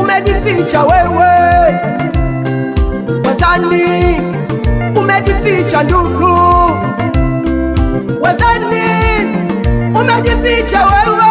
umejificha wewe? Wazani umejificha ndugu, wazani umejificha wewe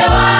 Jehová.